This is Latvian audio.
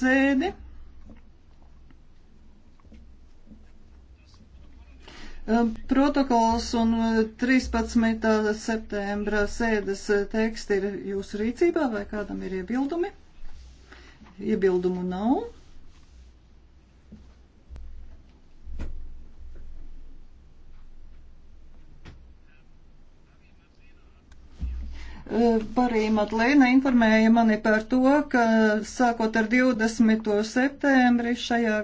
sēdi. Um, protokols un 13. Uh, septembra sēdes uh, teksti ir jūsu rīcībā vai kādam ir iebildumi? Iebildumu nav. Barī eh, Madlīna informēja mani par to, ka sākot ar 20. septembri šajā